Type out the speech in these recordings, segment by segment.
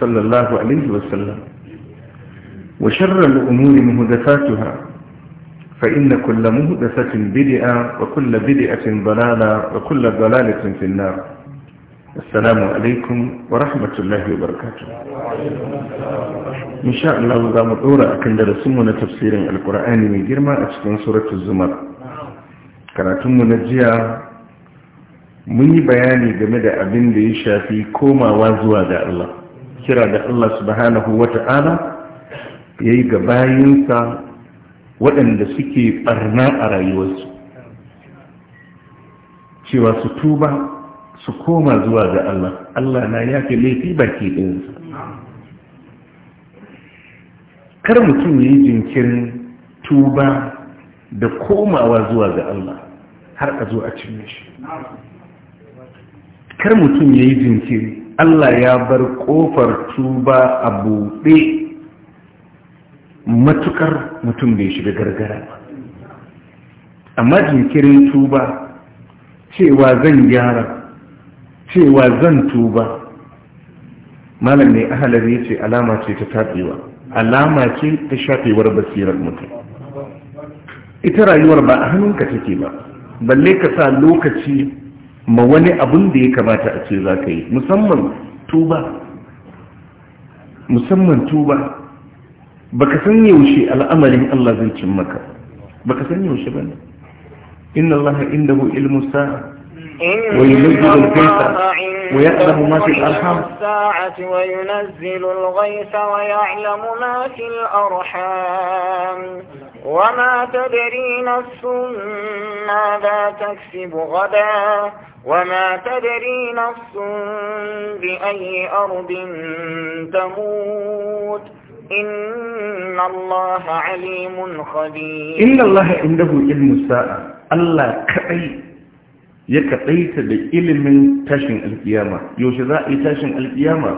صلى الله عليه وسلم وشر الأمور مهدفاتها فإن كل مهدفة بدئة وكل بدئة ضلالة وكل ضلالة في النار السلام عليكم ورحمة الله وبركاته إن شاء الله ذا مطورة أكن درسمنا تفسير القرآن من جرمى أتكون سورة الزمر كانتم منجية mun yi bayani game da abin da ya shafi الله kira da Allah subhanahu ta'ala ya yi ga bayinsa waɗanda suke ɓarna a rayuwarsu cewa su tuba su koma zuwa ga Allah Allah na ya fi laifi baki ɗinsa kar mutum ya yi jinkirin tuba da komawa zuwa ga Allah har a zo a cin shi kar mutum ya yi jinkiri Allah ya bar ƙofar tuba a buɗe matukar mutum bai shiga gargara amma jinkirin tuba cewa zan gyara cewa zan tuba malam ne ahalar ya ce alama ce ta taɓewa alama ce ta shafewar basirar mutum ita rayuwar ba a hannunka take ba balle ka sa lokaci ma wani abun da ya kamata a ce za ka yi musamman tuba musamman tuba baka san yaushe al'amarin Allah zai cin maka baka san yaushe bane inna Allah indahu ilmu sa'a وينزل الغيث ويعلم ما في الأرحام وينزل الغيث ويعلم ما في الأرحام وما تدري نفس ماذا تكسب غدا وما تدري نفس بأي أرض تموت إن الله عليم خبير إن الله عنده علم الساعة الله كأي ya kaɗaita da ilimin tashin alkiyama yaushe za a yi tashin alkiyama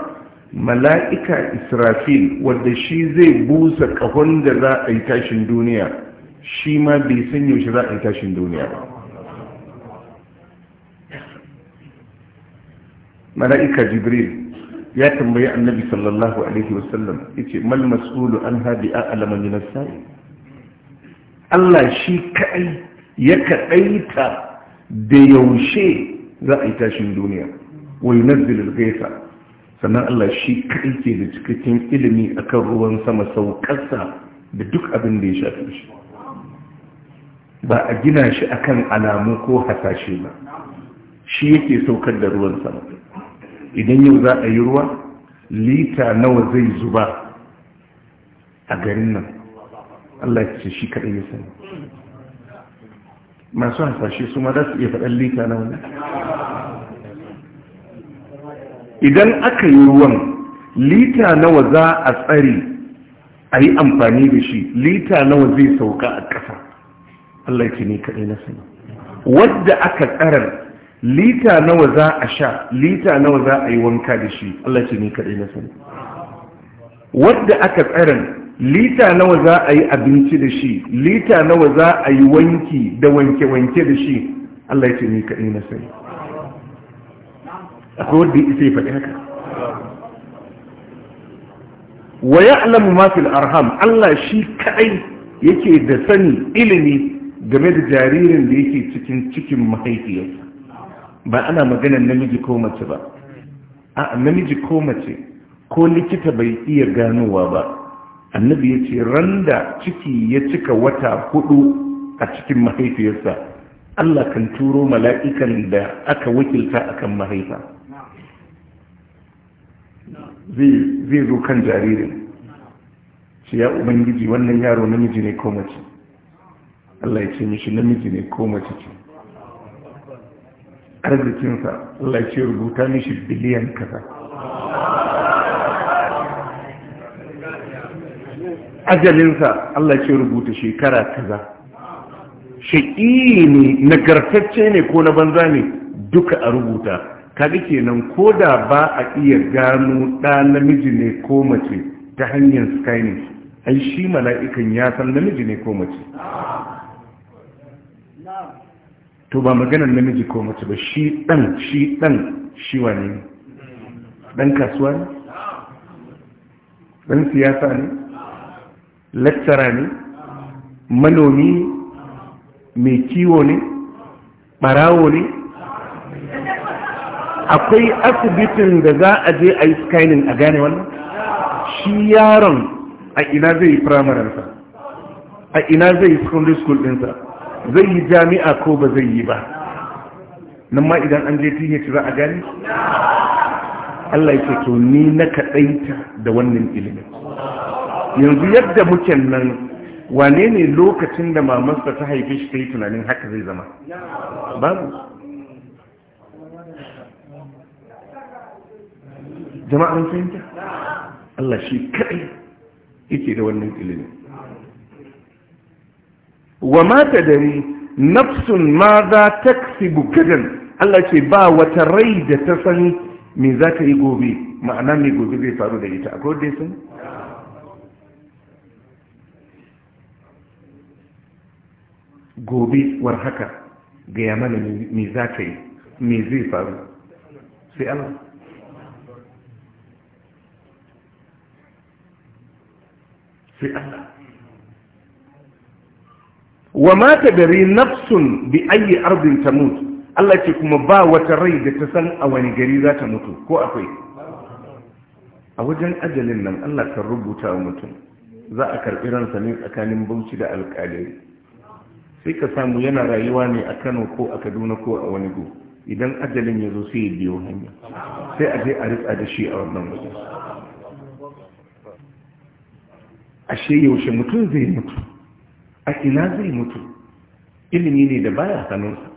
mala'ika israfil wadda shi zai busa ƙahon da za a yi tashin duniya shi ma bai san yaushe za a yi tashin duniya ba mala'ika jibril ya tambayi annabi sallallahu alaihi wasallam ya ce mal mas'ulu an haɗi a alamannin sa'i allah shi kaɗai ya kaɗaita da yaushe za a yi tashin duniya wa yunazzilul gaisa sannan Allah shi kai ke da cikakken ilimi akan ruwan sama saukarsa da duk abin da ya shafi shi ba a gina shi a kan alamu ko hasashe ba shi yake saukar da ruwan sama idan yau za a yi ruwa lita nawa zai zuba a garin nan Allah ya ce shi kaɗai ya sani masu hasashe su ma za su iya faɗan lita na wani idan aka yi ruwan lita nawa za a tsari a yi amfani da shi lita nawa zai sauka a ƙasa Allah ya ne kaɗai na sani wadda aka tsarar lita nawa za a sha lita nawa za a yi wanka da shi Allah ya ne kaɗai na sani wadda aka tsarar lita nawa za a yi abinci da shi lita nawa za a yi wanki da wanke-wanke da shi Allah ya ce ni kaɗai na sai akwai wadda isa ya faɗi haka wa ya'lamu ma fil arham Allah shi kaɗai yake da sani ilimi game da jaririn da yake cikin cikin mahaifiyarsa ba ana maganar namiji ko mace ba a namiji ko mace ko likita bai iya ganowa ba annabi ya ce randa ciki ya cika wata hudu a cikin mahaifiyarsa Allah kan turo mala'ikan da aka wakilta a kan mahaifa zai zo kan jaririn ce ya ubangiji wannan yaro namiji ne ko mace Allah ya ce mishi namiji ne ko mace ce arzikinsa Allah ya ce rubuta mishi biliyan kaza ajalinsa Allah ce rubuta shekara kaza shaƙi ne nagartacce ne ko na banza ne duka a rubuta kaga kenan ko da ba a iya gano ɗa namiji ne ko mace ta hanyar skynet ai shi mala'ikan ya san namiji ne ko mace to ba maganar namiji ko mace ba shi ɗan shi ɗan shi wane ɗan kasuwa ne ɗan siyasa ne lattara ne manomi mai kiwo ne barawo ne akwai asibitin da za a je a yi scanning a gane wannan shi yaron a ina zai yi primararsa a ina zai yi secondary school dinsa, zai yi jami'a ko ba zai yi ba nan ma idan an je th za a gane Allah ya ce to ni na kaɗaita da wannan ilimin yanzu yadda muke nan wane ne lokacin da mamansa ta haife shi ta yi tunanin haka zai zama babu jama'a mun fahimta Allah shi kai yake da wannan ilimi wa ma tadari nafsun ma za ta gadan Allah ce ba wata rai da ta sani me za ta yi gobe ma'ana me gobe zai faru da ita akwai wanda sani gobe war haka gaya mana me za ka yi mi zai faru sai Allah sai Allah wa ma nafsun bi ayi ardin tamut Allah ce kuma ba wata rai da ta san a wani gari za ta mutu ko akwai a wajen ajalin nan Allah kan rubuta wa mutum za a karɓi ransa ne tsakanin bauchi da alƙalai sai ka samu yana rayuwa ne a kano ko a kaduna ko a wani go idan ajalin ya zo sai ya biyo hanya sai a je a rika da shi a wannan wajen ashe yaushe mutum zai mutu a ina zai mutu ilimi ne da baya sanunsa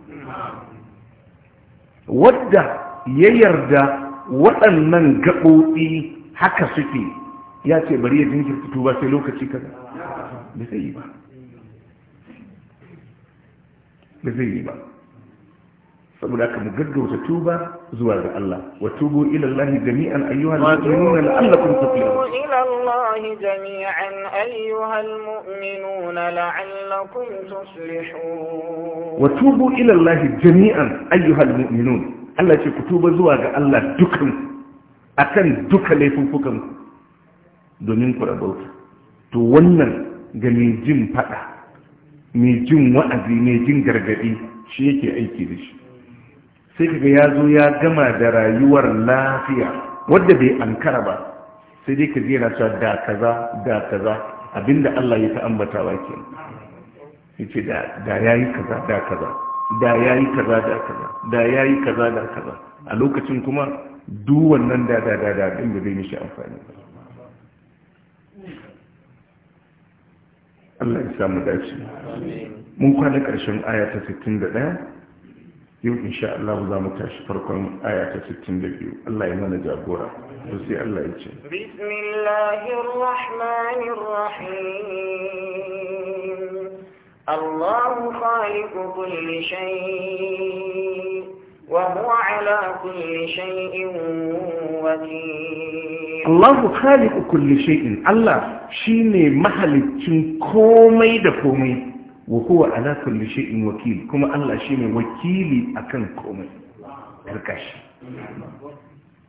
wadda ya yarda waɗannan gaɓoɓi haka suke ya ce bari ya jinkirta tuba sai lokaci kaza da sai yi ba ba zai yi ba saboda ka mu gaggauta tuba zuwa ga Allah wa tubu ila Allah jami'an ayyuhal mu'minuna la'allakum tuflihun ila Allah jami'an ayyuhal mu'minuna la'allakum tuflihun wa tubu ila Allah jami'an ayyuhal mu'minun Allah ce ku tuba zuwa ga Allah dukan akan duka laifukan domin ku rabauta to wannan ga mai jin fada mai jin wa'azi mai jin gargadi shi yake aiki da shi sai kaga ya zo ya gama da rayuwar lafiya wadda bai ankara ba sai dai ka je yana cewa da kaza da kaza abinda Allah ya ta ambatawa ke yace da da yayi kaza da kaza da yayi kaza da kaza da yayi kaza da kaza a lokacin kuma duk wannan da da da da din da zai mishi amfani ba Allah ya samu dace mun kwana ƙarshen aya ta 61 yau insha Allah za mu tashi farkon aya ta 62 Allah ya mana jagora to sai Allah ya ce bismillahir rahmanir rahim Allah khaliqu kulli shay وهو على كل شيء وكيل الله خالق كل شيء الله شيني محلتين كومي دا كومي وهو على كل شيء وكيل كما الله شيني وكيلي أكن كومي تركش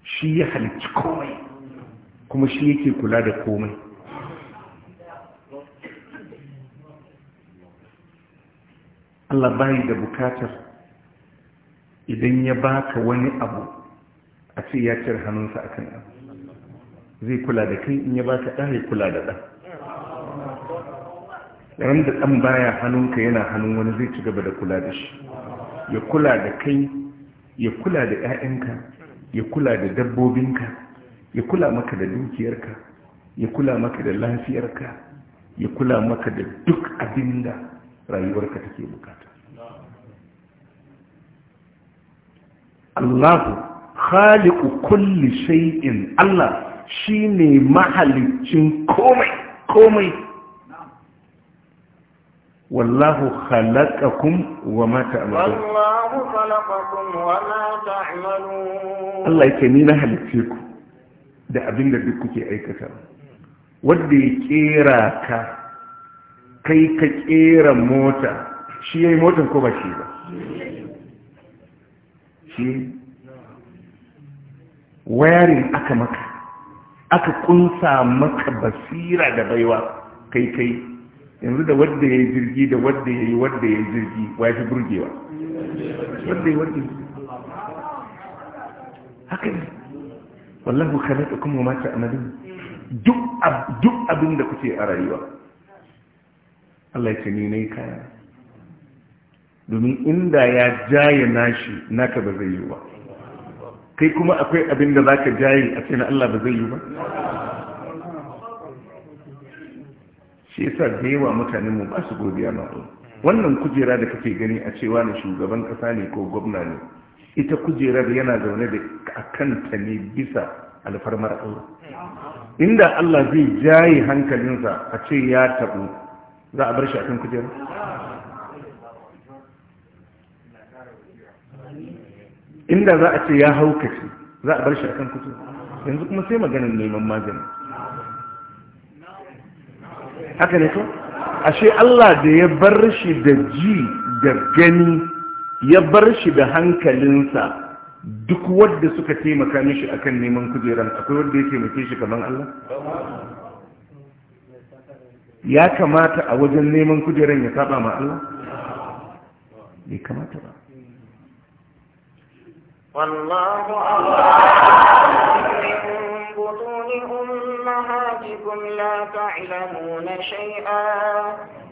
shi ya halicci komai kuma shi yake kula da komai Allah bayi da bukatar idan ya baka wani abu a ce ya cire hannunsa a kan abu zai kula da kai in ya baka ɗan ya kula da ɗan. ran da ɗan baya hannunka yana hannun wani zai ci gaba da kula da shi ya kula da kai ya kula da 'ya'yanka ya kula da dabbobinka ya kula maka da dukiyarka ya kula maka da lafiyarka ya kula maka da duk abin da rayuwarka take bukata Allah khaliqu kulli shay'in Allah shine mahalicin komai komai wallahu khalaqakum wama ta'malun wallahu khalaqakum wama ta'malun Allah yake ni na halice ku da abin da duk kuke aikata wanda ya kera ka kai ka kera mota shi yayi motan ko ba shi ba shi wayarin aka maka aka kunsa maka basira da baiwa kai kai yanzu da wadda ya yi jirgi da wadda ya yi wadda ya yi jirgi wa ya fi burgewa wadda ya wadda haka ne wallahu khalaqa kuma ma ta'malun duk duk abin da kuke a rayuwa Allah ya ce ni ne kaya domin inda ya jaye nashi naka ba zai yi ba kai kuma akwai abin da za jaye a cikin Allah ba zai yi ba shi yasa da yawa mutane mu ba su godiya ma wannan kujera da kake gani a cewa ne shugaban kasa ne ko gwamna ne ita kujerar yana zaune da kanta ne bisa alfarmar Allah inda Allah zai jaye hankalinsa a ce ya tabu za a bar shi akan kujera inda za a ce ya haukace za a bar shi akan kutu yanzu kuma sai maganin neman magani haka ne ko ashe Allah da ya bar shi da ji da gani ya bar shi da hankalinsa duk wadda suka taimaka mishi akan neman kujeran akwai wadda ya taimake shi kaman Allah ya kamata a wajen neman kujeran ya saba ma Allah bai kamata ba والله أخرجكم من بطون أمهاتكم لا تعلمون شيئا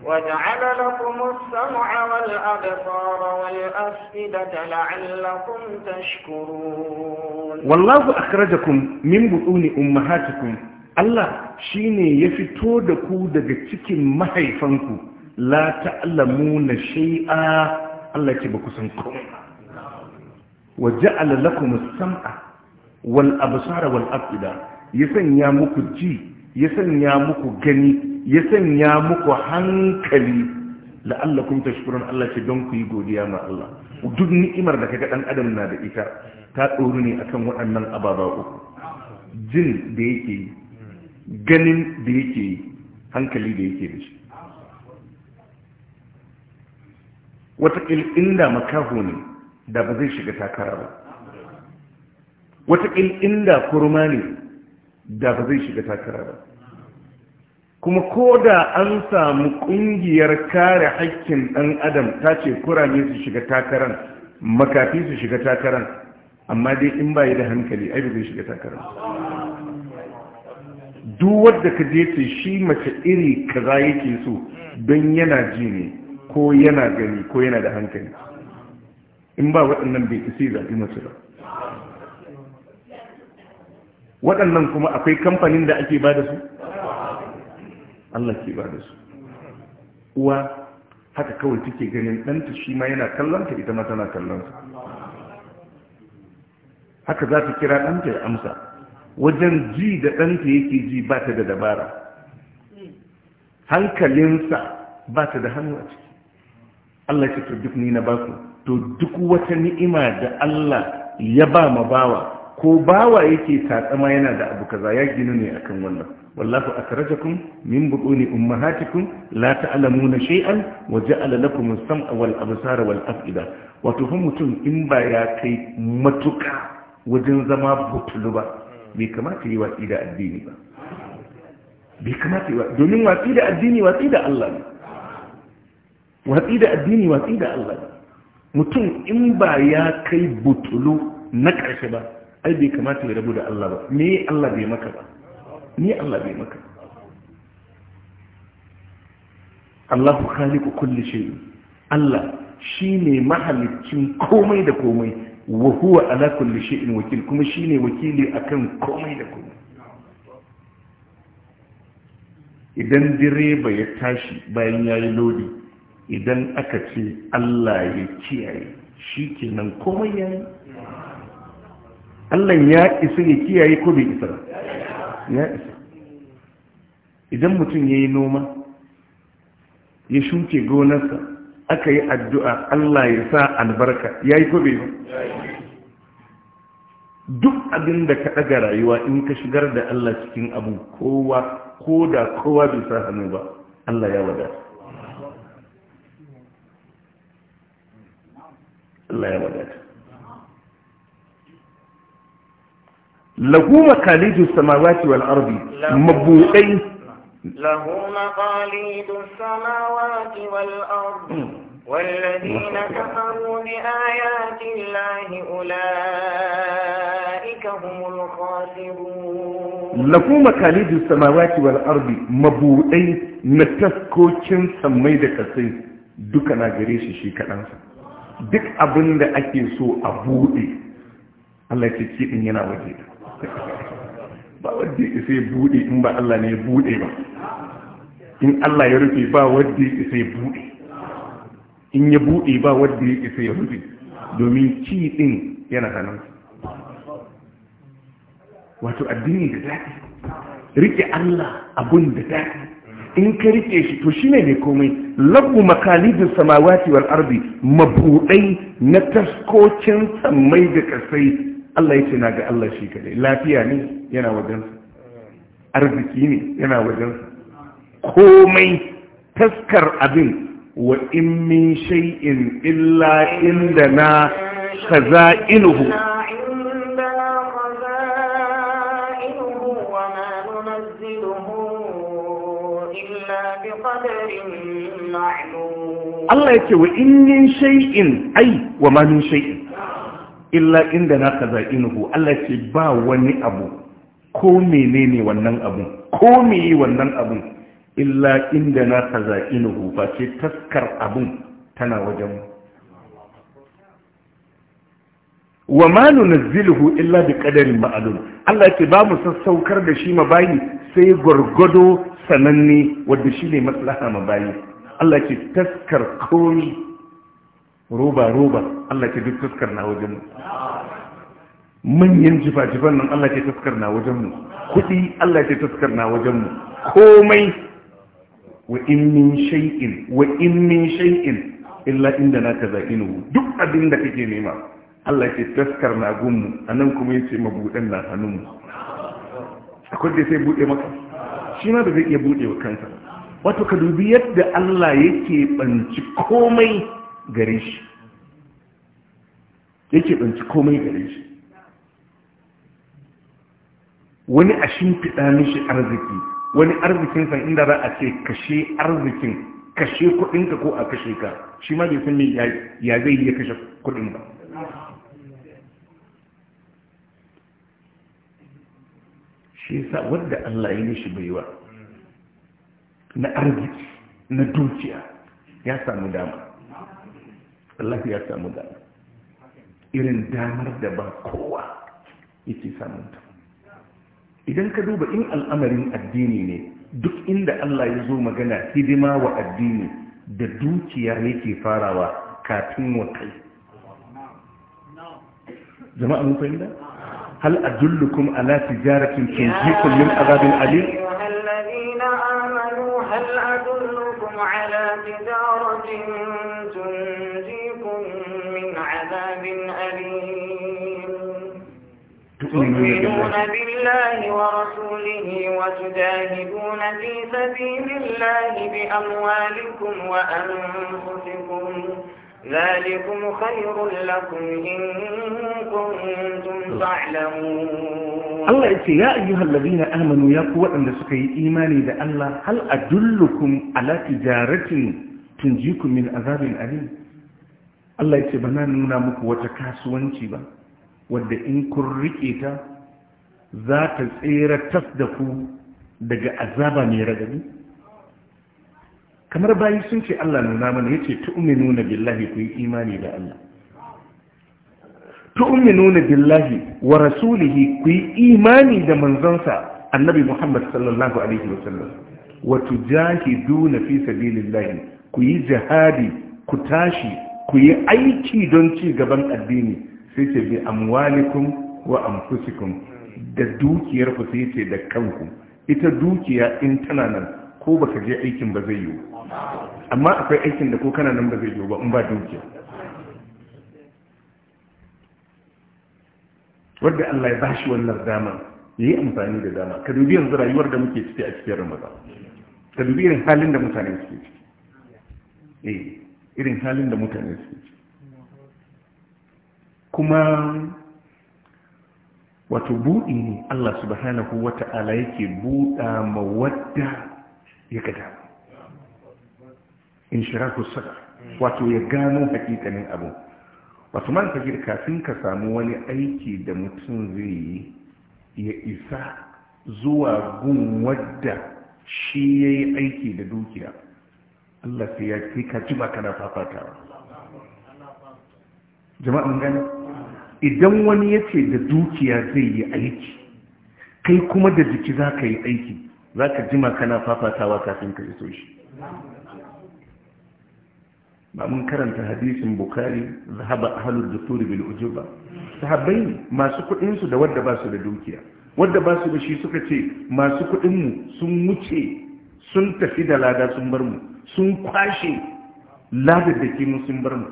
وجعل لكم السمع والأبصار والأفئدة لعلكم تشكرون والله أخرجكم من بطون أمهاتكم Allah shi ne ya fito da ku daga cikin mahaifanku la ta'lamuna shay'a Allah ba ku san komai wa ja'ala lakum as-sam'a wal absara wal afida ya sanya muku ji ya sanya muku gani ya sanya muku hankali la'allakum tashkurun Allah ce don ku yi godiya ma Allah duk ni'imar da kaga dan adam na da ita ta tsoro ne akan waɗannan ababa uku jin da yake ganin da yake hankali da yake da shi watakil inda makaho ne da ba zai shiga takara ba wataƙil inda kurma ne da ba zai shiga takara ba kuma ko da an samu ƙungiyar kare haƙƙin ɗan adam ta ce kurame su shiga takaran makafi su shiga takaran amma dai in ba yi da hankali ai ba zai shiga takaran duk wadda ka je ce shi mace iri kaza yake so don yana ji ne ko yana gani ko yana da hankali in ba waɗannan bai isi zaɓi mace ba waɗannan kuma akwai kamfanin da ake ba da su Allah ke ba da su uwa haka kawai take ganin ɗanta shi ma yana kallonta ita ma tana kallonta. haka za ta kira ɗanta ya amsa wajen ji da ɗanta yake ji ba ta da dabara hankalinsa ba ta da hannu a ciki Allah ya ce to duk ni na baku to duk wata ni'ima da Allah ya ba ma bawa ko bawa yake tatsama yana da abu kaza ya ginu ne akan wannan wallahu akhrajakum min butuni ummahatikum la ta'lamuna shay'an wa ja'ala lakum as-sam'a wal absara wal af'ida wato fa mutum in ba ya kai matuka wajen zama butulu ba bai kamata yi watsi da addini ba bai kamata yi watsi domin watsi da addini watsi da Allah ne watsi da addini watsi da Allah ne mutum in ba ya kai butulu na ƙarshe ba ai bai kamata ya rabu da Allah ba me Allah bai maka ba yi Allah bai maka Allahu khaliqu kulli shay Allah shine mahalicin komai da komai wa huwa ala kulli shay'in wakil kuma shine wakili akan komai da komai idan direba ya tashi bayan yayi lodi idan aka ce Allah ya kiyaye shi ke komai ya yi Allah ya isa ya kiyaye ko bai isa ya isa idan mutum ya yi noma ya shuke gonarsa aka yi addu'a Allah ya sa albarka ya yi ko bai ba duk abin da ka ɗaga rayuwa in ka shigar da Allah cikin abu kowa ko da kowa bai sa hannu ba Allah ya wadata الله يا مجد لهم قاليد السماوات والأرض مبوئي لهم قاليد السماوات والأرض والذين كفروا بآيات الله أولئك هم الخاسرون لهم مقاليد السماوات والأرض مبوئي نتسكو كم سميدك سي دوكنا غريش شيكا أنسا duk abin da ake so a buɗe Allah ya ce din yana waje ba wadda sai buɗe in ba Allah ne ya buɗe ba in Allah ya rufe ba wadda sai buɗe in ya buɗe ba wadda ya ya rufe domin ci din yana hannun wato addini da daɗi rike Allah abun da daɗi in ka rike shi to shine mai komai lagu makalidin samawati wal ardi mabudai na taskocin sammai da kasai Allah ya ce na ga Allah shi kadai lafiya ne yana wajensa arziki ne yana wajensa komai taskar abin wa in min shay'in illa kaza khaza'inuhu Allah yake wa in min shay'in ai wa ma min shay'in illa inda na kazainuhu Allah yake ba wani abu ko menene wannan abu ko yi wannan abu illa inda na kazainuhu ba ce taskar abun tana wajen wa ma nunzilu illa bi qadarin ma'lum Allah yake ba mu sassaukar da shi mabayi sai gurgudo sananne wanda shi ne maslaha mabayi Allah ke taskar komi roba-roba Allah ke duk taskar na wajenmu manyan jifa-jifan nan Allah ke taskar na wajenmu kudi Allah ke taskar na wajenmu komai wa in min shay'in wa in min shay'in illa inda na ka zakinu duk abin da kake nema Allah ke taskar na gunmu a nan kuma yace mabuɗin na hannunmu akwai da sai buɗe maka shi ma da zai iya buɗe wa kansa wato ka dubi yadda Allah yake banci komai gare shi yake banci komai gare shi wani a shimfiɗa mishi arziki wani arzikin san inda za a ce kashe arzikin kashe kuɗinka ko a kashe ka shi ma bai san me ya zai iya kashe kuɗin ba shi yasa wanda Allah ya yi shi baiwa na arziki na dukiya ya samu dama Allah ya samu dama irin damar da ba kowa yake samun ta idan ka duba in al'amarin addini ne duk inda Allah ya zo magana hidima wa addini da dukiya yake farawa kafin wa kai jama'a mun fahimta hal adullukum ala tijaratin tunjikum min azabin alim تؤمنون بالله ورسوله وتجاهدون في سبيل الله بأموالكم وأنفسكم ذلكم خير لكم إن كنتم تعلمون Allah ya ce, “Ya ayyuhar labina amanu ya fi waɗanda suka yi imani da Allah, hal a dullukun alati jaratin tunjikun azabin alim. Allah ya ce, “Bana nuna muku wata kasuwanci ba, wadda in kun riƙe ta, za ta tsira tas da ku daga azaba mai ragadi kamar bayi sun ce Allah nuna mana yace nuna billahi ku yi imani da Allah nuna billahi wa rasulihi ku yi imani da manzonsa annabi Muhammad sallallahu alaihi wasallam wa na fi sabilillahi ku yi jihadi ku tashi ku yi aiki don ci gaban addini sai ce bi amwalikum wa amfusikum da dukiyar ku sai ce da kanku ita dukiya in tana nan ko baka je aikin ba zai yiwu amma akwai aikin da ko kana nan ba zai yiwu ba in ba dukiya wadda Allah ya bashi wannan dama yayi amfani da dama ka dubi yanzu rayuwar da muke ciki a cikin Ramadan ka dubi irin halin da mutane suke ciki eh irin halin da mutane suke ciki kuma wato buɗi ne Allah subhanahu wata'ala yake buɗa wadda ya gada in shiraku sada wato ya gano hakikanin abu wato man kafin ka samu wani aiki da mutum zai yi ya isa zuwa gun wadda shi ya yi aiki da dukiya Allah sai ya kai ka jima kana fafatawa jama'an gani idan wani ya ce da dukiya zai yi aiki kai kuma da jiki za ka yi aiki za ka jima kana fafatawa kafin ka iso shi ba mun karanta hadisin bukari zahaba ahalur turi bil ujuba sahabbai masu kuɗinsu da wadda ba su da dukiya wadda ba su da shi suka ce masu kuɗinmu sun wuce sun tafi da lada sun bar mu sun kwashe ladar da ke mu sun bar mu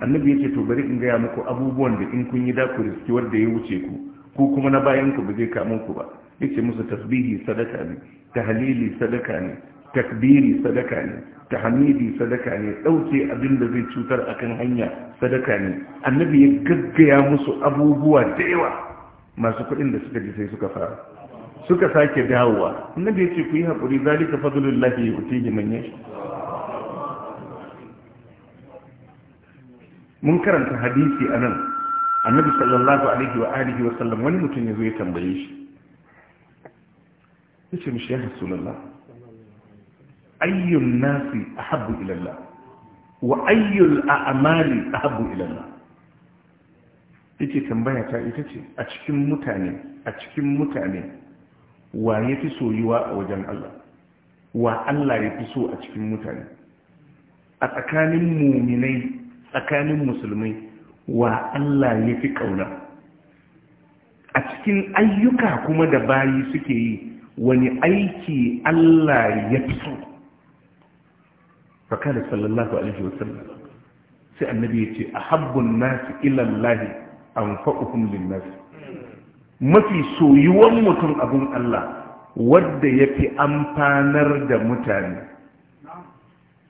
annabi yace to bari in gaya muku abubuwan da in kun yi da ku wanda ya wuce ku ku kuma na bayan ku ba zai ku ba yace musu tasbihi sadaka ne tahlili sadaka ne takbiri sadaka ne tahmidi sadaka ne dauke abin da zai cutar akan hanya sadaka ne annabi ya gaggaya musu abubuwa da yawa masu kuɗin da suka ji sai suka fara suka sake dawowa annabi yace ku yi hakuri zalika fadlullahi yutihi man yasha mun karanta hadisi a nan annabi sallallahu alaihi wa alihi wa sallam wani mutum ya zo ya tambaye shi ya ce mishi ya rasulallah ayyun nasi ahabbu Allah wa ayyul a'mali ahabbu Allah yace tambaya ta ita ce a cikin mutane a cikin mutane wa yafi soyuwa a wajen Allah wa Allah yafi so a cikin mutane a tsakanin muminai tsakanin musulmai wa Allah ya fi ƙauna a cikin ayyuka kuma da bayi suke yi wani aiki Allah ya fi so fakada sallallahu alaihi wasallam sai annabi ya ce a habbun nasu ilallahi an fa'uhun nasu, mafi soyuwan mutum abin Allah wadda ya fi amfanar da mutane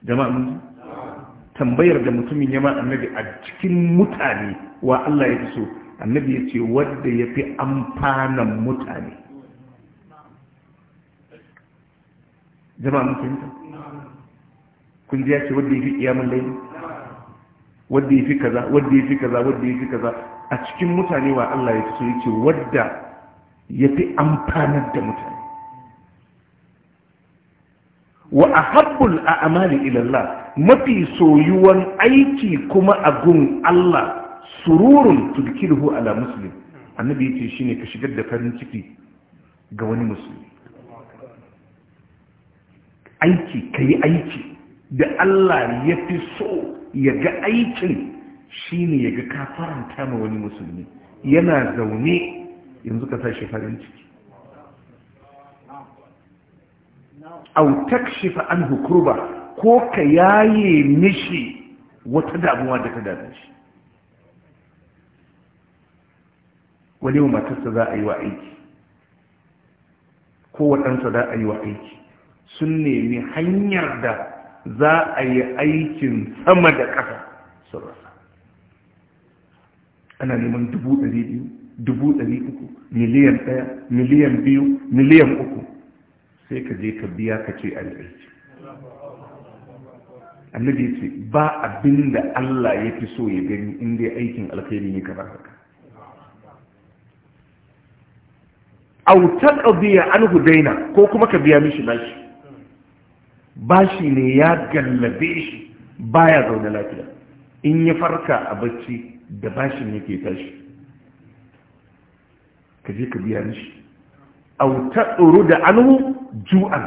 jama'an tambayar da mutumin ya ma annabi a cikin mutane wa Allah ya fi so annabi ya ce wadda ya fi amfanan mutane jama'a mutum ta kun ji ya ce wadda ya fi iyamun laili wadda ya fi kaza wadda ya fi kaza wadda ya fi kaza a cikin mutane wa Allah ya fi so ya ce wadda ya fi amfanar da mutane wa ahabbul a'mali ila Allah mafi soyuwan aiki kuma a gun Allah sururun tudkiruhu ala muslim annabi yace shine ka shigar da farin ciki ga wani musulmi aiki kai aiki da Allah ya fi so ya ga aikin shine ya ga ka ma wani musulmi yana zaune yanzu ka sa shi farin ciki au takshifa an hukurba ko ka yaye mishi wata damuwa da ta dame shi wani matarsa za a yi wa aiki ko waɗansa za a yi wa aiki sun nemi hanyar da za a yi aikin sama da ƙasa sun rasa ana neman dubu ɗari biyu dubu ɗari uku miliyan ɗaya miliyan biyu miliyan uku sai ka je ka biya ka ce an annabi ce ba abin da Allah ya fi so ya gani inda ya aikin alkhairi ne kamar haka autar ɗabiya an hudaina ko kuma ka biya mishi bashi bashi ne ya gallabe shi baya zaune lafiya in ya farka a bacci da bashin yake tashi ka je ka biya mishi au tsoro da anhu ju'an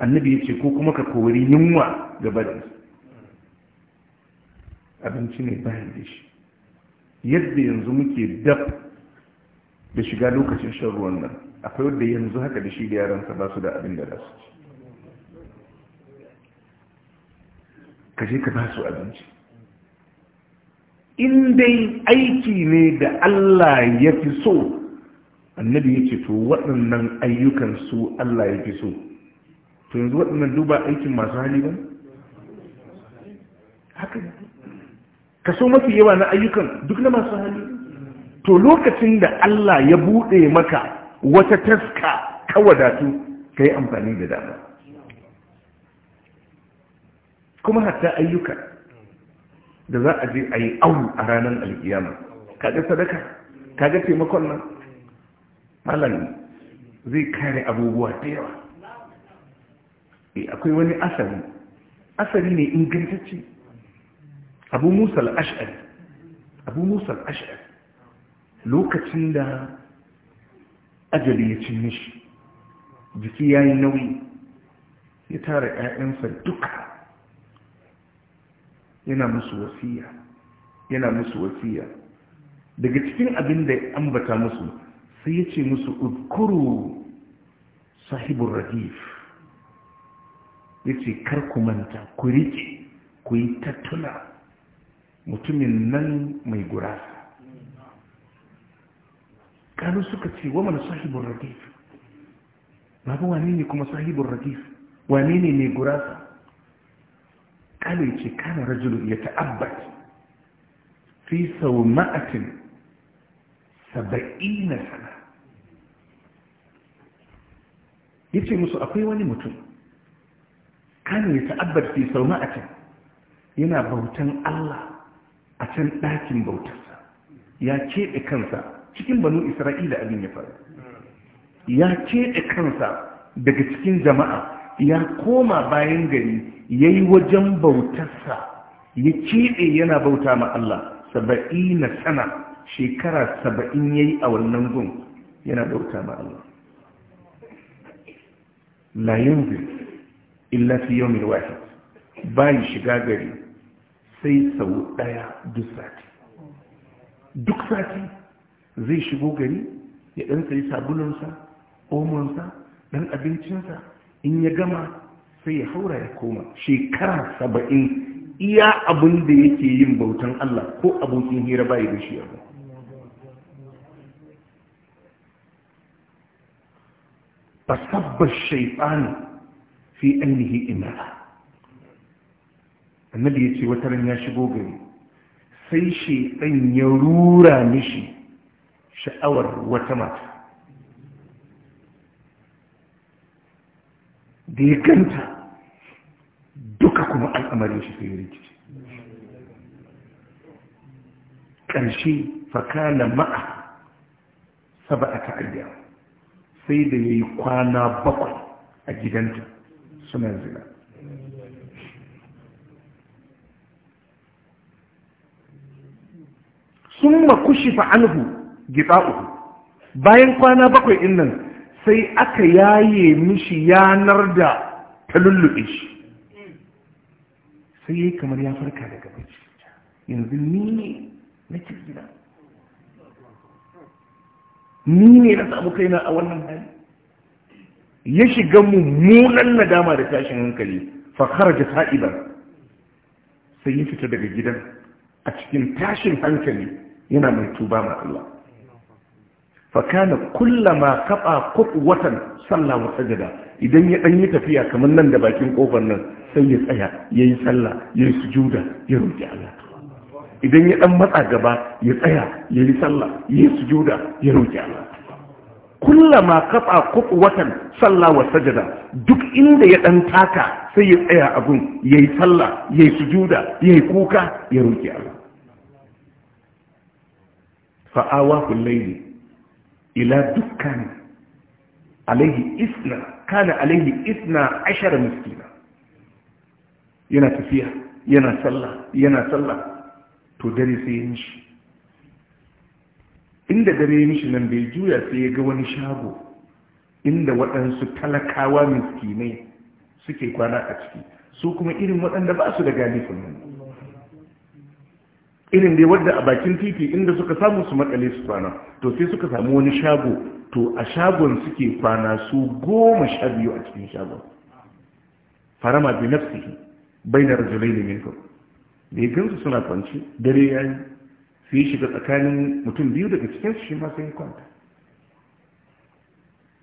annabi yace ko kuma ka kori yunwa gaba da abinci ne bayan da shi yadda yanzu muke dab da shiga lokacin shan ruwan nan akwai wadda yanzu haka da shi da yaransa ba su da abin da su ci ka je ka ba su abinci in dai aiki ne da Allah ya fi so annabi ya ce to waɗannan ayyukan su Allah ya fi so to yanzu waɗannan duba aikin masu hali ba haka kaso mafi yawa na ayyukan duk na masu hali to lokacin da Allah ya buɗe maka wata taska ka wadatu ka yi amfani da dama kuma hatta ayyuka da za a je a yi awu a ranar alkiyama kaga sadaka kaga taimakon nan malam zai kare abubuwa da yawa eh, akwai wani asali asali ne ingantacce abu musa al'ash'ari abu musa al'ash'ari lokacin da ajali ya cin mishi jiki ya yi nauyi ya tara 'ya'yansa duka yana musu wasiya yana musu wasiya daga cikin abin da ambata musu sai ya ce musu udkuru sahibin radif ya ce karku manta ku rike ku yi tattuna mutumin nan mai gurasa kanu suka ce wa mana sahibin radif babu wane ne kuma sahibin radif wane ne mai gurasa kanu ya ce kanu rajulu ya ta'abbat fi sau ma'atin saba'ina sana ya ce musu akwai wani mutum kanu ya ta'abbar fi sau yana bautan Allah a can ɗakin bautarsa ya keɓe kansa cikin banu isra'ila abin ya faru ya keɓe kansa daga cikin jama'a ya koma bayan gari ya yi wajen bautarsa ya keɓe yana bauta ma Allah saba'i na sana shekara saba'in ya yi a wannan gun yana bauta ma Allah la yanzu illa fi yawmin wahid bayi shiga gari sai sau ɗaya duk sati duk sati zai shigo gari ya ɗan sayi sabulunsa omonsa ɗan abincinsa in ya gama sai ya haura ya koma shekara saba'in iya abin da yake yin bautan Allah ko abokin hira bayi da shi yau تصب الشيطان في أنه إمرأة النبي يتي وترن يا شبوب سي شيطان يرورا مشي شأور وتمات دي كنتا دككم الأمر يشفي رجل كان شي فكان معه سبعة أيام sai da ya yi kwana bakwai a gidanta suna zina sun makushi gida uku, bayan kwana bakwai innan sai aka yaye mishi yanar da ta lullube shi sai ya yi kamar ya farka daga bacci yanzu ni ne na kirgina ni ne na samu kaina a wannan hali ya shiga mummunan nadama da tashin hankali fakar da sa'iban sai ya fita daga gidan a cikin tashin hankali yana mai tuba ma Allah fa kana kullama kafa watan, salla wa sajada idan ya ɗan yi tafiya kamar nan da bakin ƙofar nan sai ya tsaya yayi sallah yayi sujuda ya roƙi Allah idan ya dan matsa gaba ya tsaya ya yi sallah ya yi sujuda ya roki Allah kullama kafa watan sallah wa sajada duk inda ya dan taka sai ya tsaya abun ya yi sallah ya yi sujuda ya yi kuka ya roki Allah fa'awa kullaili ila dukkan alaihi isna kana alaihi isna ashara miskina yana tafiya yana sallah yana sallah to dare sai ya mishi inda dare ya mishi nan bai juya sai ya ga wani shago inda waɗansu talakawa miskinai suke kwana a ciki su kuma irin waɗanda ba su da galifin nan irin dai wadda a bakin titi inda suka samu su matsale su kwana to sai suka samu wani shago to a shagon suke kwana su goma sha biyu a cikin shagon farama bi nafsihi bainar mai minkum da ya gansu suna kwanci dare ya yi yi shiga tsakanin mutum biyu daga cikin shi ma sai kwanta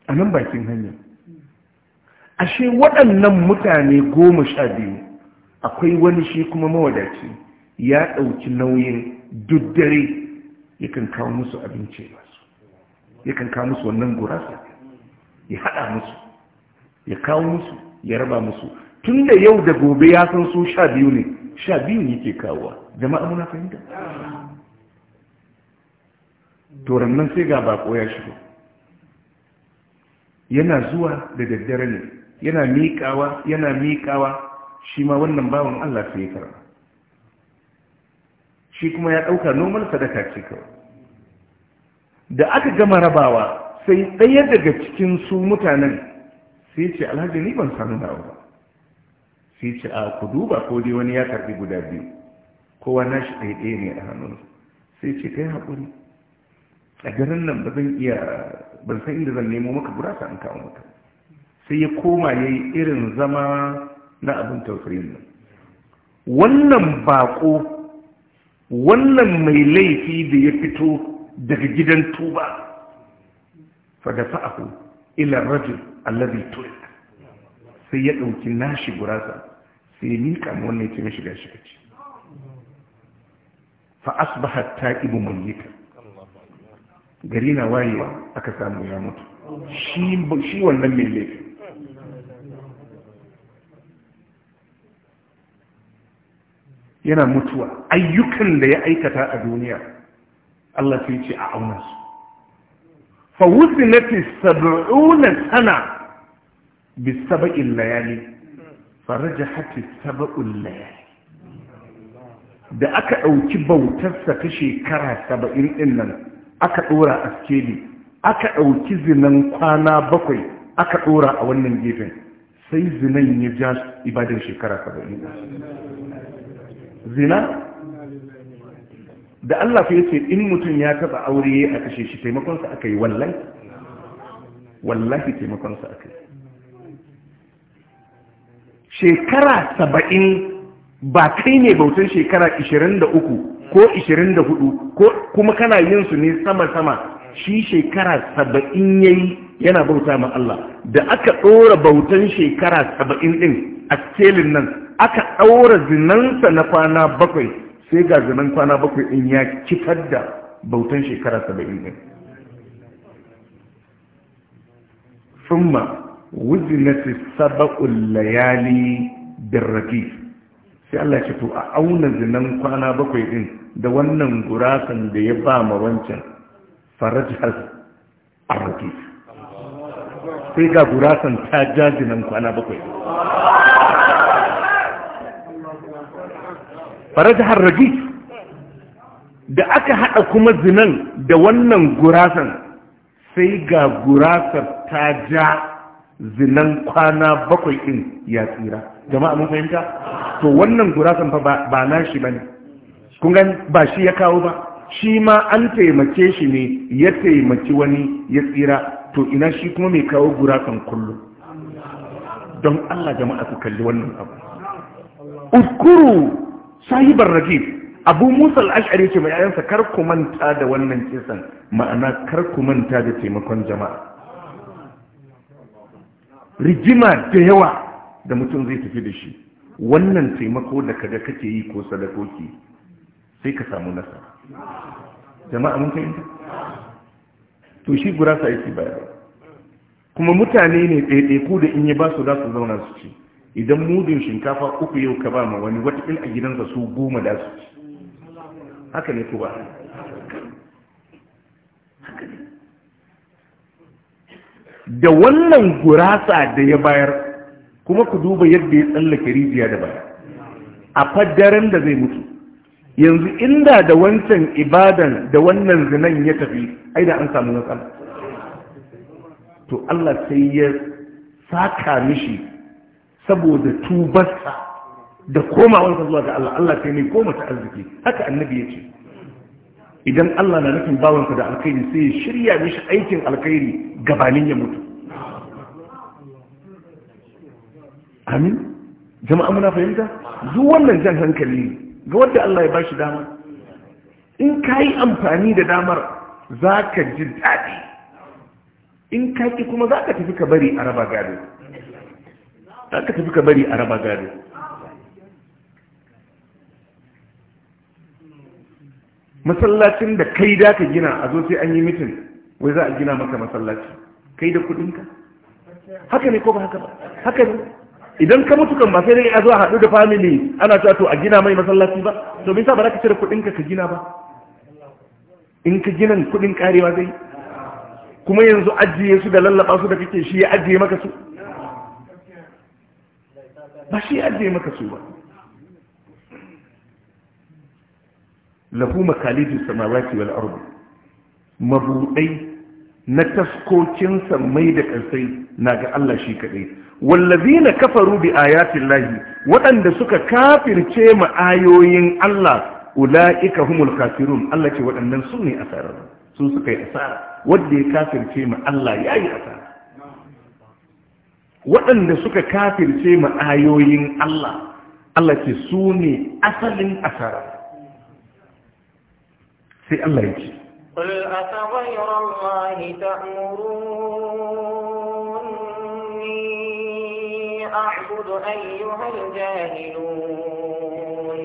a nan bakin hanya ashe waɗannan mutane goma sha biyu akwai wani shi kuma mawadaci ya ɗauki nauyin duk dare yakan kawo musu abinci masu yakan kawo musu wannan gurasa ya haɗa musu ya kawo musu ya raba musu tun da yau da gobe ya san su sha biyu ne sha biyu yake kawowa jama'a muna fahimta turan nan sai ga bako ya shigo yana zuwa da daddare ne yana miƙawa yana miƙawa shi ma wannan bawan Allah sai ya karba shi kuma ya ɗauka normal sadaka ce kawai da aka gama rabawa sai ɗaya daga cikin su mutanen sai ce alhaji ni ban samu nawa ba sai ce a ku duba ko dai wani ya karbi guda biyu kowa nashi ɗaiɗaya ne a hannun sai ce kai haƙuri a garin nan ba zan iya ban san inda zan nemo maka gurasa an kawo maka sai ya koma ya yi irin zama na abin tausayin nan wannan baƙo wannan mai laifi da ya fito daga gidan tuba fadafa'ahu ila rajul allazi turik sai ya ɗauki nashi gurasa sai ni miƙa wannan shiga ce mishi gashi ka ci fa asbaha taqibu mulika gari na wayewa aka samu ya mutu shi shi wannan mai laifi yana mutuwa ayyukan da ya aikata a duniya Allah sai ce a auna su fa wusinati sab'una sana bi sab'il layali faraja hati saba'ul layali da aka ɗauki bautarsa ta shekara saba'in ɗin nan aka ɗora a skeli aka ɗauki zinan kwana bakwai aka ɗora a wannan gefen sai zinan ya ja ibadar shekara saba'in zina da Allah ya ce in mutum ya taɓa aure a kashe shi taimakonsa aka yi wallahi wallahi taimakonsa aka yi shekara saba'in ba kai ne bautan shekara ishirin da uku ko ishirin da hudu ko kuma kana yin su ne sama-sama shi shekara saba'in ya yi yana bauta ma Allah da aka ɗora bautan shekara saba'in ɗin a skelin nan aka ɗora zinansa na kwana bakwai sai ga zinan kwana bakwai ɗin ya kifar da bautan shekara saba'in ɗin. wuzinati saba'ul layali birrafi sai Allah ya to a auna zinan kwana bakwai din da wannan gurasan da ya ba ma wancan farajhas arrafi sai ga gurasan ta jajinan kwana bakwai farajhar rajif da aka haɗa kuma zinan da wannan gurasan sai ga gurasar ta ja zinan kwana bakwai in ya tsira jama'a mun fahimta to wannan gurasan fa ba na shi bane kun gani ba shi ya kawo ba shi ma an taimake shi ne ya taimaki wani ya tsira to ina shi kuma mai kawo gurasan kullum don Allah jama'a ku kalli wannan abu uskuru sahibar rajib abu musa al'ashari ce mai ayansa kar ku manta da wannan kisan ma'ana kar ku manta da taimakon jama'a rigima da yawa da mutum zai tafi da shi wannan taimako da kada kake yi ko sadakoki sai ka samu nasa. jama'a mun kai to shi gurasa yake bayar kuma mutane ne ɗaiɗaiku da in ya ba su za su zauna su ci idan mudin shinkafa uku yau ka ba ma wani in a gidansa su goma da su ci haka ne ku ba da wannan gurasa da ya bayar kuma ku duba yadda ya tsallake rijiya da baya a faddaren da zai mutu yanzu inda da wancan ibadan da wannan zinan ya tafi ai da an samu matsala to Allah sai ya saka mishi saboda tubarsa da komawarsa zuwa ga Allah Allah sai ne koma ta arziki haka annabi ya ce idan Allah na nufin bawansa da alkhairi sai ya shirya mishi aikin alkhairi gabanin ya mutu amin jama'a muna fahimta duk wannan jan hankali ga wanda Allah ya bashi dama in ka yi amfani da damar za ka ji daɗi in ka ki kuma za ka tafi ka bari a raba gado za ka tafi ka bari a raba gado masallacin da kai da ka gina a zo sai an yi mitin wai za a gina maka masallaci kai da kudinka haka ne ko ba haka ba haka ne idan ka mutu kan ba sai dai a zo a haɗu da family ana cewa to a gina mai masallaci ba to me yasa ba za ka cire kudinka ka gina ba in ka gina kudin karewa zai kuma yanzu ajiye su da lallaba su da kake shi ya ajiye maka su ba shi ya ajiye maka su ba lahu makalidu samawati wal ardi mabudai na taskokin sammai da kansai, na ga Allah shi kaɗai wallazi na kafaru bi ayatin lahi waɗanda suka kafirce ma ayoyin Allah ula'ika humul kafirun Allah ce waɗannan su ne asara su suka yi asara wanda ya kafirce ma Allah ya yi asara waɗanda suka kafirce ma ayoyin Allah Allah ce su ne asalin asara sai Allah ya ce.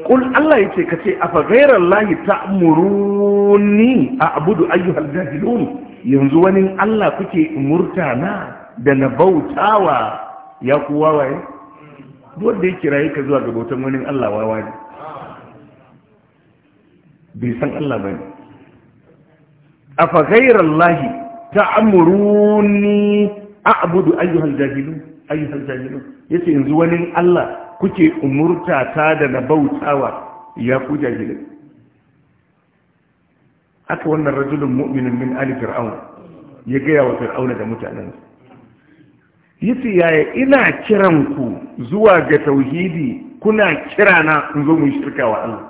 Kul Allah ya ce ka ce, a fagairar lahi ta muruni a abudu ayyuhal jahilun yanzu wani Allah kuke murtana da na bautawa ya kuwa waye? Duwar da ya kira yi ka zuwa gabautan wani Allah wawa ne. bai san Allah ba ne a fagairar lahi ta amuruni a abudu ayyuhal jahilu ayyuhal jahilu ya ce yanzu wani Allah kuke umurta ta da na bautawa ya ku jahilu. Aka wannan rajulun mu'minin min ali fir'aun ya gaya wa fir'auna da mutanensa yace yaya ina kiran ku zuwa ga tauhidi kuna kirana in zo mu shirka wa Allah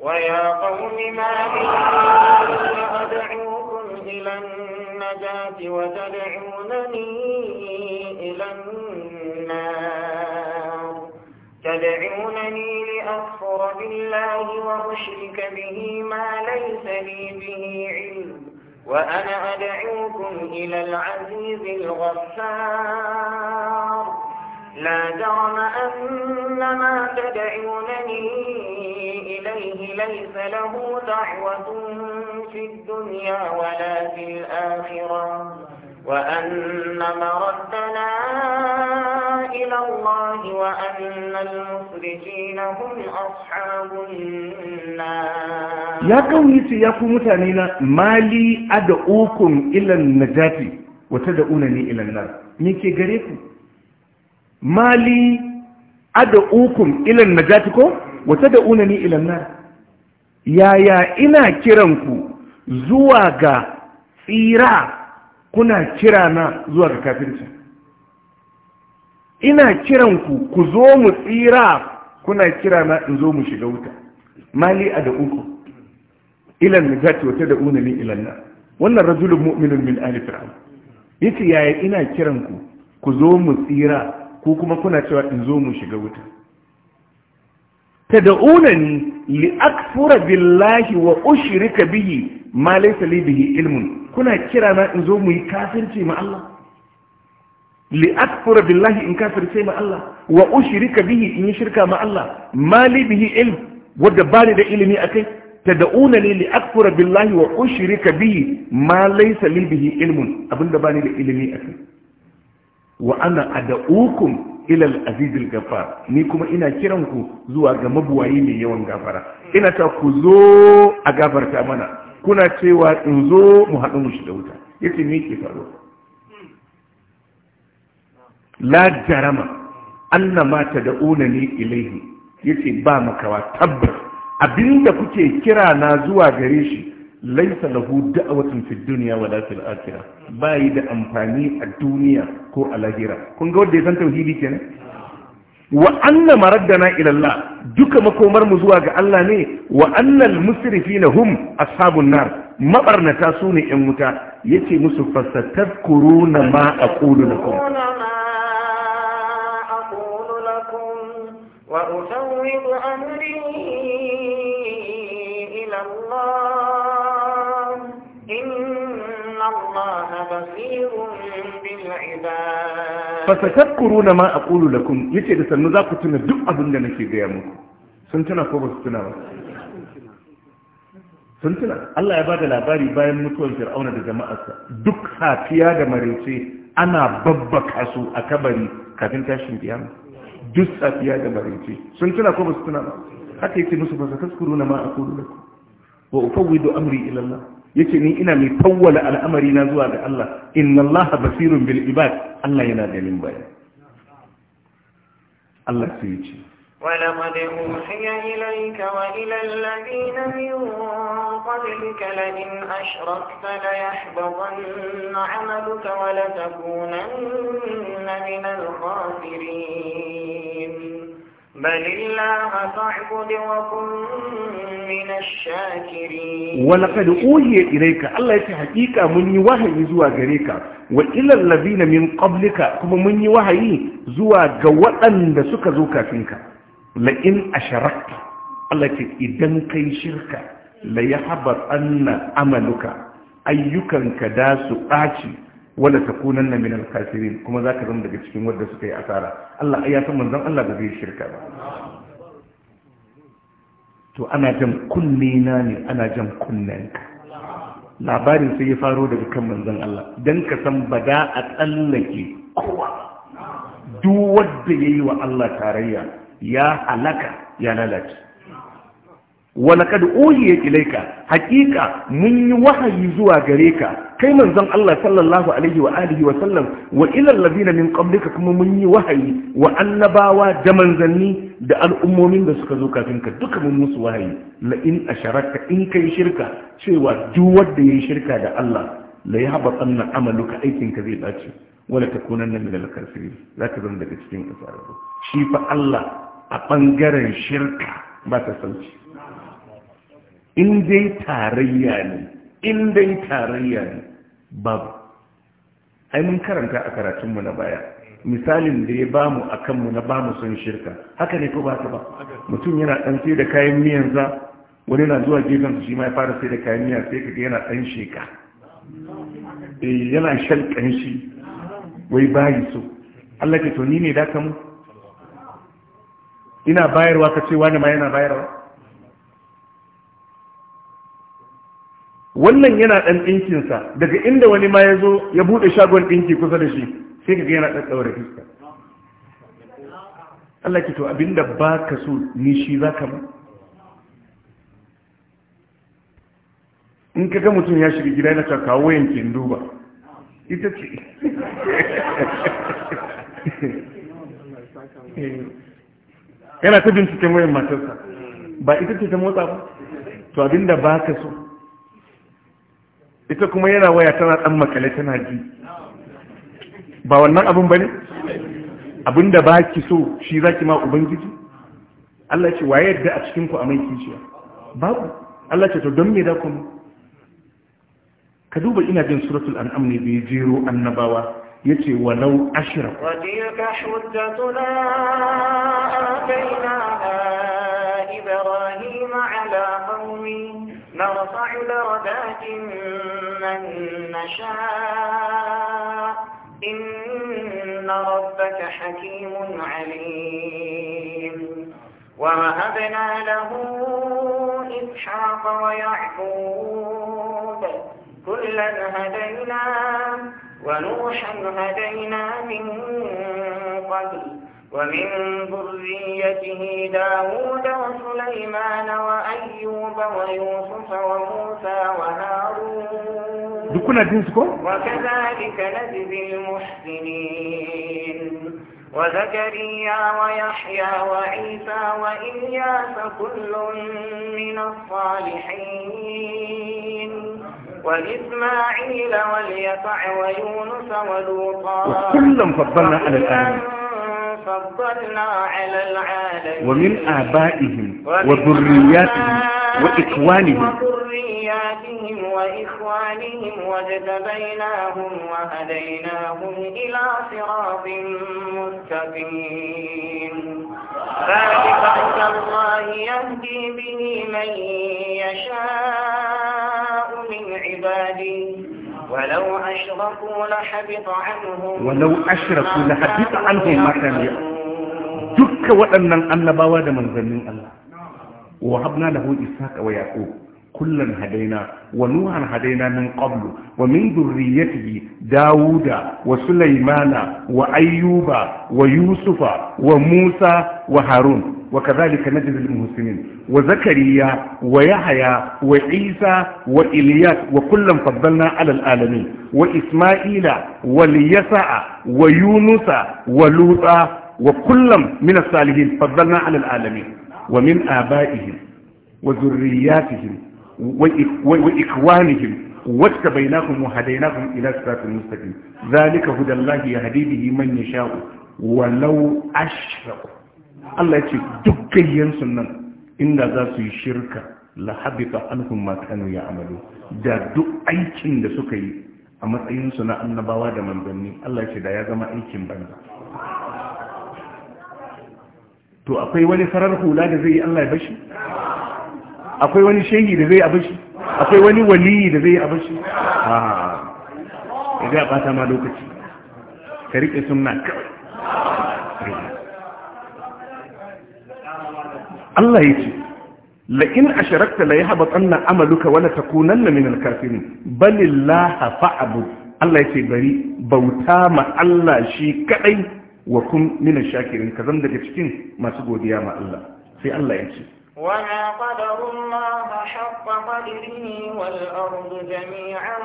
ويا قوم ما أدعوكم إلى النجاة وتدعونني إلى النار تدعونني لأكفر بالله وأشرك به ما ليس لي به علم وأنا أدعوكم إلى العزيز الغفار لا جرم أن ما تدعونني إليه ليس له دعوة في الدنيا ولا في الآخرة وأن مردنا إلى الله وأن المفرجين هم أصحاب النار يا قومي يا قومتانينا ما لي أدعوكم إلى النجاة وتدعونني إلى النار من كي غريكم mali ad'ukum ilan najati ko wata da unani ilan nar yaya ina kiranku zuwa ga tsira kuna kira na zuwa ga kafirci ina kiranku ku zo mu tsira kuna kira na in zo mu shiga wuta mali ad'ukum ilan najati Wata da unani ilan nar wannan rajulun mu'minin min ali fir'aun yace yaya ina kiranku ku zo mu tsira ko kuma kuna cewa in zo mu shiga wuta tad'unani li akfura billahi wa ushrika bihi ma laysa li bihi ilmun kuna kira na in zo mu yi kafirci ma Allah li billahi in kafirce ma Allah wa ushrika bihi in yi shirka ma Allah ma li bihi ilm wadda bani da ilimi akai tad'unani li akfura billahi wa ushrika bihi ma laysa li bihi ilmun abinda bani da ilimi akai wa ana ad'ukum ila al-aziz al-ghafar ni kuma ina kiran ku zuwa ga mabuwayi mai yawan gafara ina ta ku zo a gafarta mana kuna cewa in zo mu haɗu mu shi da wuta yace me ke faruwa la jarama annama ni ilayhi yace ba makawa tabbas abinda kuke kira na zuwa gare shi laisa lahu da'watun fi dunya wala fil akhirah bai da amfani a duniya ko a lahira kun ga wanda ya san tauhidi kenan wa anna maraddana ila Allah duka makomar mu zuwa ga Allah ne wa annal musrifina hum ashabun nar mabarnata sune yan wuta yace musu fasatakuruna ma aqulu lakum wa usawwidu amri الله بصير بالعباد فستذكرون ما أقول لكم يتي da sannu za ku tuna duk abin da nake gaya muku sun tuna ko ba su tuna ba sun tuna Allah ya bada labari bayan mutuwar Fir'auna da jama'arsa duk safiya da marece ana babbaka su a kabari kafin tashin kiyama duk safiya da marece sun tuna ko ba su tuna ba haka yake musu fa satazkuruna ma aqulu lakum wa ufawwidu amri ila Allah yace ni ina mai tawwala al'amari na zuwa ga Allah inna Allah basirun bil ibad Allah yana ganin bayan Allah sai ya ce ولقد أوحي إليك وإلى الذين من قبلك لئن أشركت ليحبطن عملك ولتكونن من الخاسرين بل الله فاعبد وكن من الشاكرين ولقد أوهي إليك الله يتي حقيقة مني وحي زوا غريك وإلى الذين من قبلك كما مني وحي زوا غوطن دسك زوكا فينك لئن أشركت الله يتي إذن كي شركة ليحبط أن عملك أيكا كداس آتي wala takunanna min al-khasirin kuma zaka zama daga cikin wanda suka yi asara Allah ya san manzon Allah ba zai shirka ba to ana jan kunne na ne ana jan kunnenka labarin sai ya faro daga kan manzon Allah dan ka san bada a tsallake kowa duk wanda yayi wa Allah tarayya ya halaka ya lalace wani kada ohiye ilaika haƙiƙa mun yi wahayi zuwa gare ka kai manzon Allah sallallahu alaihi wa alihi wa sallam wa kuma mun yi wahayi wa annabawa da manzanni da al'ummomin da suka zo kafin ka duka mun musu wahayi la in asharaka in kai shirka cewa duk wanda yayi shirka da Allah la yahbatanna amaluka aikin ka zai dace wala takunanna min al-kafirin zaka zama daga cikin kafirai shi fa Allah a bangaren shirka ba ta sauki in dai tarayya ne in dai tarayya ne babu ai mun karanta a karatunmu na baya misalin da ya bamu a kanmu na bamu sun shirka haka ne ko ba ta ba mutum yana dan sai da kayan za wani na zuwa gefen su shi ma ya fara sai da kayan miya sai kaga yana dan sheka eh, yana shan kanshi wai bayi so Allah ke to ni ne da kamu ina bayarwa ka ce wani ma yana bayarwa wannan yana ɗan ɗinkinsa daga inda wani ma ya zo ya buɗe shagon ɗinki kusa da shi sai ka yana ɗan ɗaura fiska Allah ki to abinda ba ka so ni shi za ka ba in ka ga mutum ya shiga gida na ta kawo yankin duba ita ce yana ta binciken wayan matarsa ba ita ce ta motsa ba to abinda ba ka so ita kuma yana waya tana dan makale tana ji ba wannan abin bane abin baki so shi zaki ma ubangiji Allah ce waye yadda a cikin ku a mai kishiya babu Allah ce to don me da ku ka duba ina jin suratul an'am ne bai jero annabawa yace walau ashra wa نرفع درجات من نشاء إن ربك حكيم عليم ووهبنا له إسحاق ويعقوب كلا هدينا ونوحا هدينا من قبل ومن ذريته داود وسليمان وأيوب ويوسف وموسى وهارون جنسكم وكذلك نجزي المحسنين وزكريا ويحيى وعيسى وإلياس كل من الصالحين وإسماعيل واليسع ويونس ولوطا كلهم فضلنا على الآن فضلنا على العالمين ومن آبائهم وذرياتهم وإخوانهم وذرياتهم وإخوانهم واجتبيناهم وهديناهم إلى صراط مستقيم ذلك هدى الله يهدي به من يشاء من عباده ولو أشركوا لحبط عنهم ولو أشركوا لحبط عنهم ما كانوا يعملون دك وأنن أن ده من أن الله وهبنا له إسحاق ويعقوب كلا هدينا ونوحا هدينا من قبل ومن ذريته داود وسليمان وأيوب ويوسف وموسى وهارون وكذلك نجد المسلمين وزكريا ويحيى وعيسى وإلياس وكلا فضلنا على العالمين وإسماعيل وليسع ويونس ولوطا وكلا من الصالحين فضلنا على العالمين ومن آبائهم وذرياتهم وإخوانهم واتبيناهم وهديناهم إلى صراط المستقيم ذلك هدى الله يهدي به من يشاء ولو أشركوا الله يقول دكيا سنن إن ذا شركة لحبط عنهم ما كانوا يعملون da duk aikin da suka yi a matsayinsu na annabawa da manzanni Allah ce da ya zama aikin banza to akwai wani farar hula da zai yi Allah ya bashi akwai wani shehi da zai abin shi akwai wani waliyi da zai abin shi ya ga bata ma lokaci ka riƙe sunna kawai Allah ya ce la'in a asharakta la yahbatanna amaluka wala takunanna minal kafirin balillaha fa'bud Allah ya ce bari bauta ma Allah shi kadai wa kun mina shakirin ka zan daga cikin masu godiya ma Allah sai Allah ya ce وما قدر الله حق قدره والأرض جميعا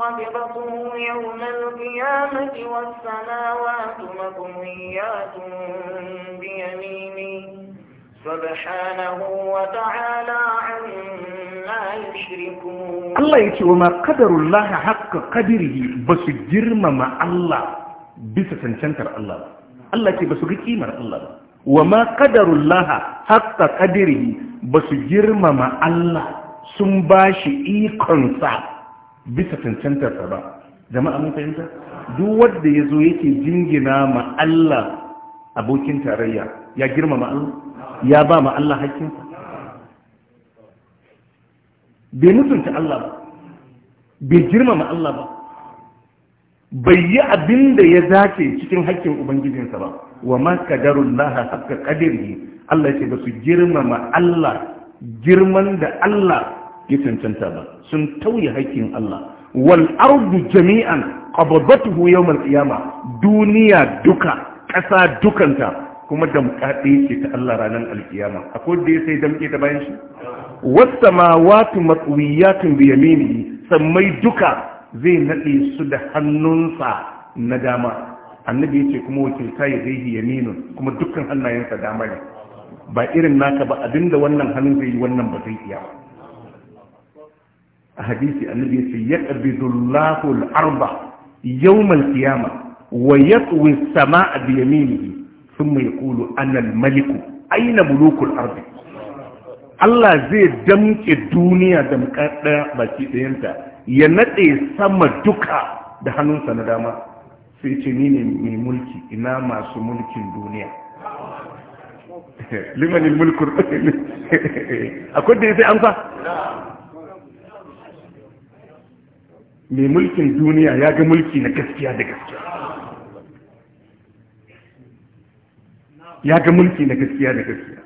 قبضته يوم القيامة والسماوات مطويات بيمينه سبحانه وتعالى عما يشركون الله يتي وما قدر الله حق قدره بس جرم مع الله بس سنشنكر الله الله يتي بس قيمر الله wa ma qadarullaha ƙadiri, ba basu girmama Allah sun bashi ikon sa bisa cancantar sa ba jama'a mun fahimta duk wanda yazo yake jingina ma Allah abokin tarayya ya girmama Allah ya ba ma Allah hakkinsa bai mutunta Allah ba bai girmama Allah ba bai yi abin da ya zace cikin hakkin ubangijinsa ba wa ma qadarullaha haqqa qadrihi Allah ce ba su girmama Allah girman da Allah ya cancanta ba sun tauye haƙƙin Allah wal ardu jami'an qabadatuhu yawm al qiyama duniya duka ƙasa dukanta kuma damƙa ce ta Allah ranar alkiyama akwai da ya sai damƙe ta bayan shi wasu mawatu matsuyatun da yamini sammai duka zai naɗe su da hannunsa na dama annabi ya ce kuma wakilta ya zai yaminun kuma dukkan hannayensa dama ne ba irin naka ba abinda wannan hannun zai yi wannan ba zai iya ba a hadisi annabi ya ce ya ƙarbidullahu al'arba yawmal qiyama wa yatwi as-sama'a bi yaminihi thumma yaqulu ana al-maliku aina mulukul ardi Allah zai damke duniya da mukaɗa baki ɗayanta ya naɗe sama duka da hannunsa na dama sai ce ni ne mai mulki ina masu mulkin duniya limanin mulkur akwai da ya sai amsa mai mulkin duniya ya ga mulki na gaskiya da gaskiya ya ga mulki na gaskiya da gaskiya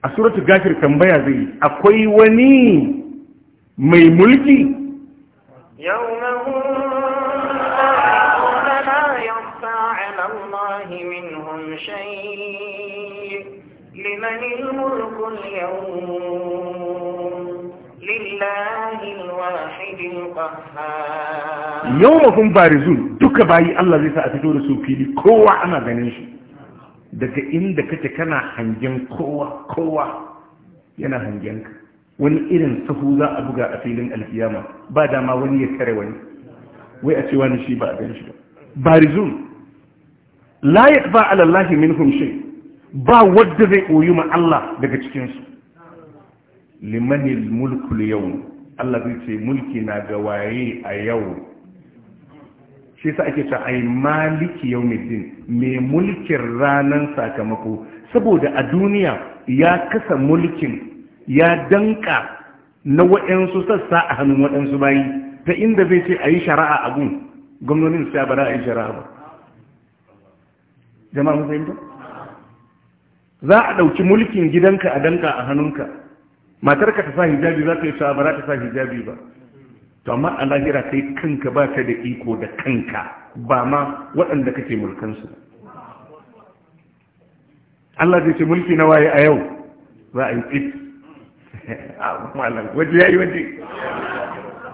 a suratu gafir tambaya zai yi akwai wani mai mulki yau na شيء لمن الملك اليوم لله الواحد القهار يومهم بارزون دك باي الله زي سأتدو رسول فيلي كوا أنا غنيش daga inda kake kana hangen kowa kowa yana ka. wani irin sahu za a buga a filin alfiyama ba dama wani ya kare wani wai a ce wani shi ba a gan shi ba barizun la yaqba ba alallahi min shay ba wadda zai koyi ma Allah daga cikinsu. Limanin limanil mulku yau, Allah zai ce mulki na ga waye a yau shi sa ake ta ai maliki yau mai mulkin ranar sakamako saboda a duniya ya kasa mulkin ya danka na waɗansu sassa a hannun waɗansu bayi ta inda zai ce a yi shara'a a gun gwamnonin sai ba za a yi shari'a ba jama'a mun fahimta za a ɗauki mulkin gidanka a danka a hannunka matarka ta sa hijabi za ka yi ba za ta sa hijabi ba to amma a lahira kai kanka ba ka da iko da kanka ba ma waɗanda kake mulkansu Allah zai ce mulki na waye a yau za a yi tsit ah, waje ya yi waje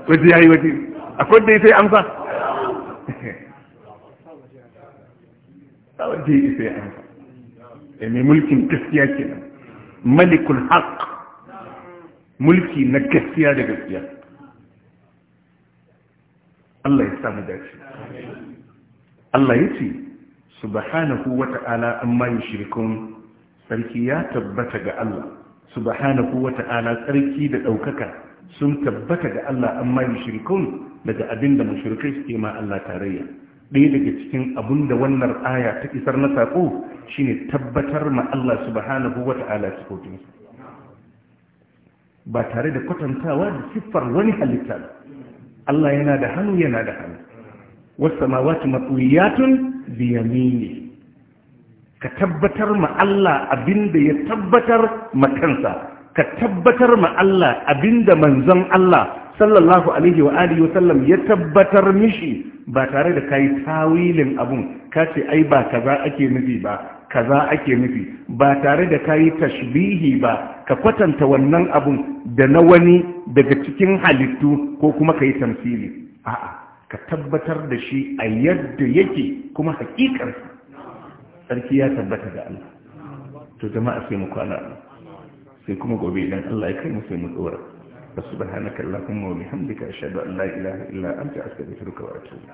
waje ya yi waje akwai da ya sai amsa ba wanda ya isa ya amsa e mai mulkin gaskiya kenan malikul haq mulki na gaskiya da gaskiya Allah ya samu dace Allah ya ce subhanahu wata'ala amma yushrikun sarki ya tabbata ga Allah subhanahu wata'ala sarki da daukaka sun tabbata ga Allah amma yushrikun daga abinda mushrikai suke ma Allah tarayya ɗaya daga cikin abun da wannan aya ta isar na saƙo shine tabbatar ma Allah subhanahu wa ta'ala sifofinsa ba tare da kwatantawa da siffar wani halitta Allah yana da hannu yana da hannu wasu mawati matsuyatun biyamini ka tabbatar ma Allah abinda ya tabbatar ma kansa ka tabbatar ma Allah abinda manzon Allah sallallahu alaihi wa alihi wa sallam ya tabbatar mishi ba tare da kai tawilin abun ka ce ai ba kaza ake nufi ba kaza ake nufi ba tare da kayi tashbihi ba ka kwatanta wannan abun da na wani daga cikin halittu ko kuma kayi tamsili a'a ka tabbatar da shi a yadda yake kuma hakikar sarki ya tabbata da Allah to jama'a sai mu kwana sai kuma gobe idan Allah ya kai mu sai mu tsora kalla subhanaka allahumma wa bihamdika ashhadu an la ilaha illa ka astaghfiruka wa atubu